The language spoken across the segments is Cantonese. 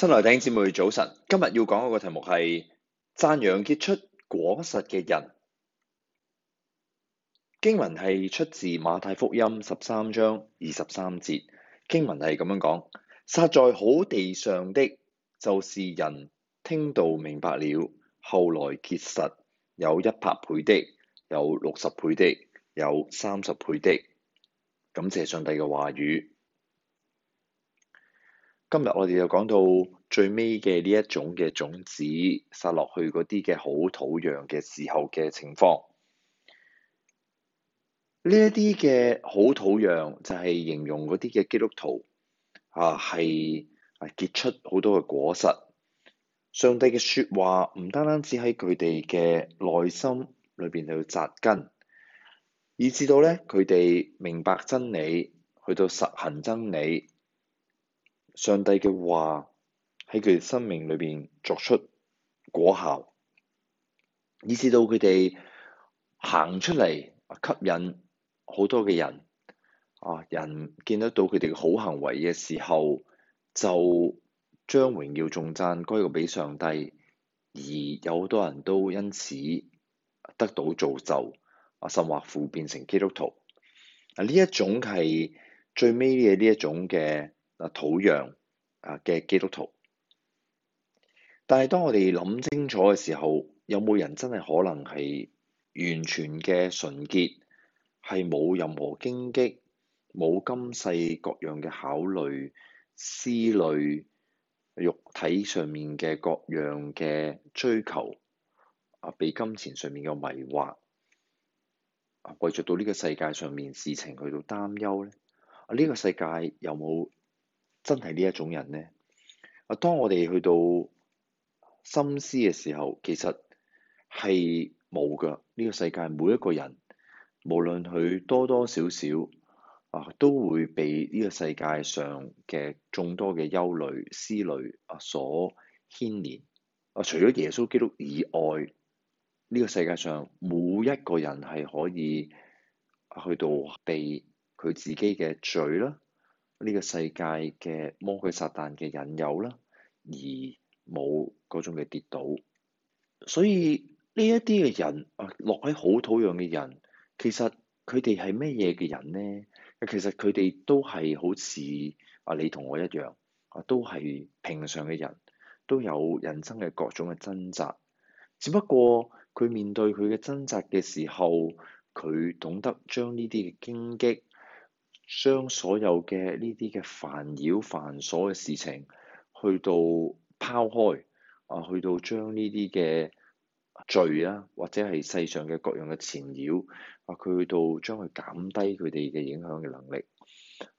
新來聽節目早晨，今日要講個題目係讚揚結出果實嘅人。經文係出自馬太福音十三章二十三節，經文係咁樣講：撒在好地上的就是人，聽道明白了，後來結實，有一百倍的，有六十倍的，有三十倍的。感謝上帝嘅話語。今日我哋就講到最尾嘅呢一種嘅種子撒落去嗰啲嘅好土壤嘅時候嘅情況，呢一啲嘅好土壤就係形容嗰啲嘅基督徒啊，係結出好多嘅果實。上帝嘅説話唔單單只喺佢哋嘅內心裏邊去紮根，以至到咧佢哋明白真理，去到實行真理。上帝嘅話喺佢哋生命裏邊作出果效，以致到佢哋行出嚟吸引好多嘅人，啊人見得到佢哋嘅好行為嘅時候，就將榮耀、頌讚歸到畀上帝，而有好多人都因此得到造就，啊甚或乎變成基督徒。啊呢一種係最尾嘅呢一種嘅。啊，土壤啊嘅基督徒，但係當我哋諗清楚嘅時候，有冇人真係可能係完全嘅純潔，係冇任何荊棘，冇今世各樣嘅考慮、思慮、肉體上面嘅各樣嘅追求，啊，被金錢上面嘅迷惑，為著到呢個世界上面事情去到擔憂咧，啊，呢個世界有冇？真係呢一種人呢？啊，當我哋去到深思嘅時候，其實係冇㗎。呢個世界每一個人，無論佢多多少少啊，都會被呢個世界上嘅眾多嘅憂慮、思慮啊所牽連。啊，除咗耶穌基督以外，呢個世界上每一個人係可以去到被佢自己嘅罪啦。呢個世界嘅魔鬼撒旦嘅引誘啦，而冇嗰種嘅跌倒，所以呢一啲嘅人啊，落喺好土壤嘅人，其實佢哋係咩嘢嘅人呢？其實佢哋都係好似啊，你同我一樣啊，都係平常嘅人，都有人生嘅各種嘅掙扎，只不過佢面對佢嘅掙扎嘅時候，佢懂得將呢啲嘅荊棘。將所有嘅呢啲嘅煩擾、繁瑣嘅事情，去到拋開，啊，去到將呢啲嘅罪啊，或者係世上嘅各樣嘅纏繞，啊，佢去到將佢減低佢哋嘅影響嘅能力，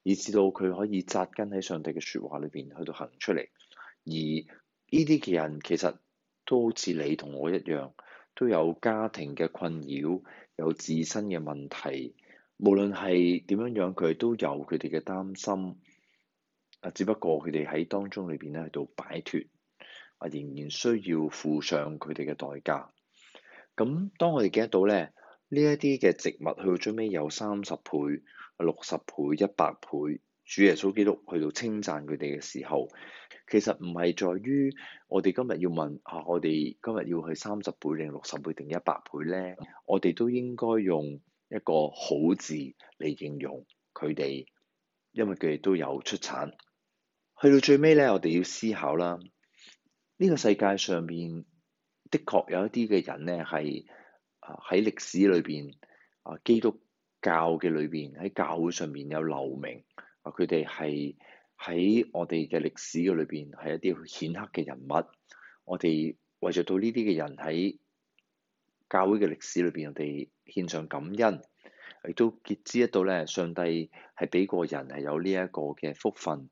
以至到佢可以扎根喺上帝嘅説話裏邊，去到行出嚟。而呢啲嘅人其實都好似你同我一樣，都有家庭嘅困擾，有自身嘅問題。無論係點樣樣，佢都有佢哋嘅擔心。啊，只不過佢哋喺當中裏邊咧，喺度擺脱，啊，仍然需要付上佢哋嘅代價。咁當我哋記得到咧，呢一啲嘅植物去到最尾有三十倍、六十倍、一百倍，主耶穌基督去到稱讚佢哋嘅時候，其實唔係在於我哋今日要問啊，我哋今日要去三十倍定六十倍定一百倍咧，我哋都應該用，一個好字嚟形容佢哋，因為佢哋都有出產。去到最尾咧，我哋要思考啦。呢個世界上面，的確有一啲嘅人咧，係喺歷史裏邊啊基督教嘅裏邊喺教會上面有留名啊，佢哋係喺我哋嘅歷史嘅裏邊係一啲顯赫嘅人物。我哋為著到呢啲嘅人喺教會嘅歷史裏邊，我哋獻上感恩，亦都結知得到咧，上帝係俾過人係有呢一個嘅福分。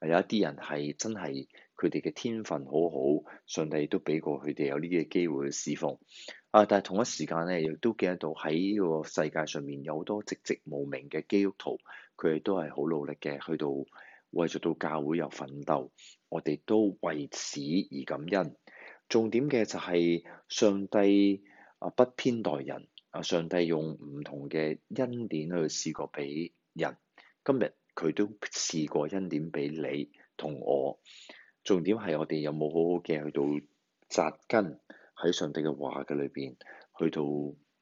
有一啲人係真係佢哋嘅天分好好，上帝都俾過佢哋有呢啲嘅機會去侍奉。啊，但係同一時間咧，亦都見得到喺呢個世界上面有好多寂寂無名嘅基督徒，佢哋都係好努力嘅，去到為咗到教會又奮鬥。我哋都為此而感恩。重點嘅就係上帝。啊，不偏待人。啊，上帝用唔同嘅恩典去試過俾人，今日佢都試過恩典俾你同我。重點係我哋有冇好好嘅去到扎根喺上帝嘅話嘅裏邊，去到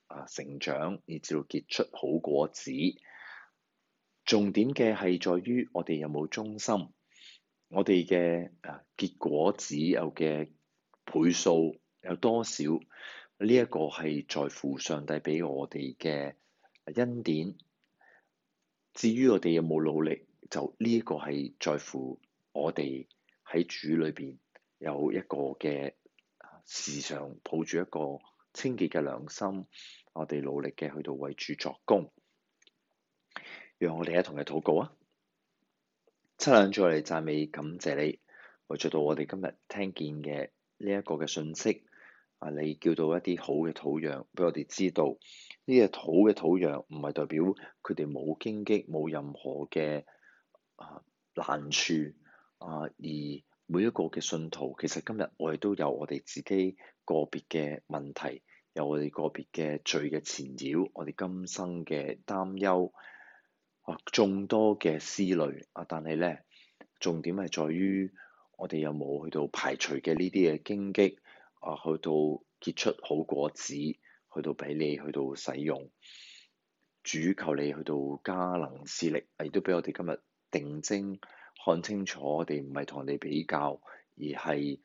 啊成長，以至到結出好果子。重點嘅係在於我哋有冇忠心，我哋嘅啊結果子有嘅倍數有多少？呢一個係在乎上帝畀我哋嘅恩典，至於我哋有冇努力，就呢一個係在乎我哋喺主裏邊有一個嘅時常抱住一個清潔嘅良心，我哋努力嘅去到為主作工，讓我哋一同嚟禱告啊！七兩再嚟讚美感謝你，為咗到我哋今日聽見嘅呢一個嘅信息。啊！你叫到一啲好嘅土壤俾我哋知道，呢啲土嘅土壤唔係代表佢哋冇荊棘冇任何嘅難處。啊，而每一個嘅信徒其實今日我哋都有我哋自己個別嘅問題，有我哋個別嘅罪嘅纏繞，我哋今生嘅擔憂，啊眾多嘅思慮。啊，但係咧，重點係在於我哋有冇去到排除嘅呢啲嘅荊棘。啊，去到結出好果子，去到俾你去到使用，主求你去到加能賜力，亦都俾我哋今日定睛看清楚，我哋唔係同你比較，而係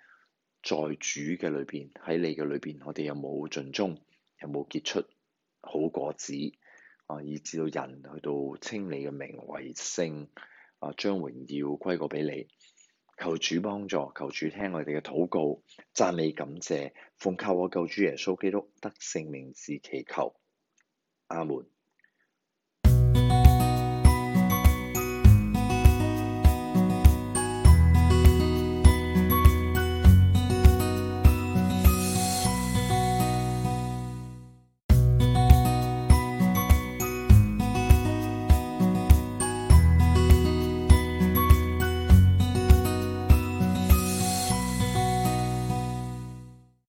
在主嘅裏邊，喺你嘅裏邊，我哋有冇盡忠，有冇結出好果子，啊，以至到人去到稱你嘅名為聖，啊，將榮耀歸過俾你。求主幫助，求主聽我哋嘅禱告，讚美感謝，奉靠我救主耶穌基督得勝名字祈求，阿門。